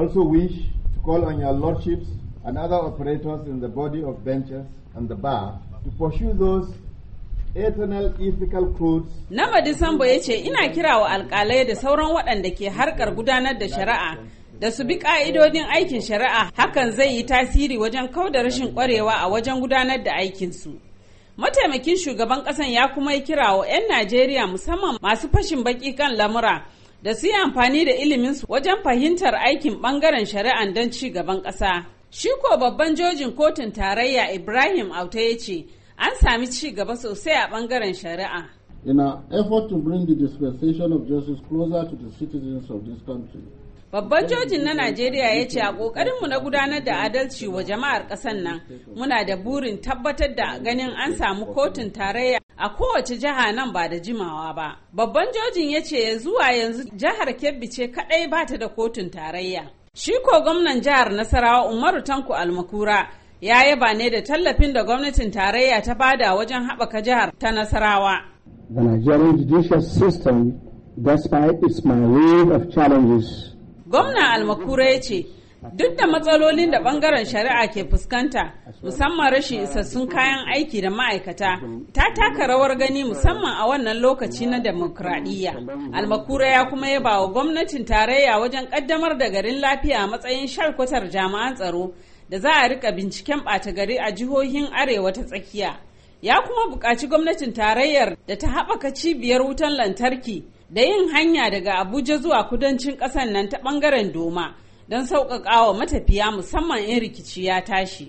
also wish to call on your lordships and other operators in the body of benches and the bar to pursue those Nama Disambo ya ce ina kira wa alkalai da sauran waɗanda ke harkar gudanar da shari'a da su bi ƙa'idodin aikin shari'a hakan zai yi tasiri wajen kau da rashin ƙwarewa a wajen gudanar da aikinsu. Mataimakin shugaban ƙasan ya kuma yi kira wa 'yan Najeriya musamman masu fashin baƙi kan lamura da su yi amfani da iliminsu wajen fahimtar aikin bangaren shari'an don ci gaban ƙasa. Shi ko babban jojin kotun tarayya Ibrahim Auta ya ce an sami ci gaba sosai a bangaren shari'a. In our effort to bring the dispensation of justice closer to the citizens of this country, Babban jojin na Najeriya ya ce a mu na gudanar da adalci wa jama'ar ƙasar nan muna da burin tabbatar da ganin an samu kotun tarayya a kowace jiha nan ba da jimawa ba. Babban jojin ya ce zuwa yanzu jihar Kebbi ce kadai ba ta da kotun tarayya. Shi ko gwamnan jihar Nasarawa Umaru Tanko Almakura ya yaba ne da tallafin da gwamnatin tarayya ta bada wajen haɓaka jihar ta Nasarawa. The Nigerian judicial system, despite its challenges, Gwamna Almakura ya ce, Duk da matsalolin da bangaren shari'a ke fuskanta, musamman rashin isassun kayan aiki da ma'aikata, ta taka rawar gani musamman a wannan lokaci na demokradiyya. Almakura ya kuma ya bawa gwamnatin tarayya wajen kaddamar da garin lafiya a matsayin sharkwatar jami'an tsaro da za a rika binciken bata gari a jihohin arewa ta tsakiya. ya kuma buƙaci gwamnatin tarayyar da ta haɓaka cibiyar wutan lantarki da yin hanya daga abuja zuwa kudancin ƙasar nan ta bangaren doma don sauƙaƙa wa matafiya musamman in rikici ya tashi.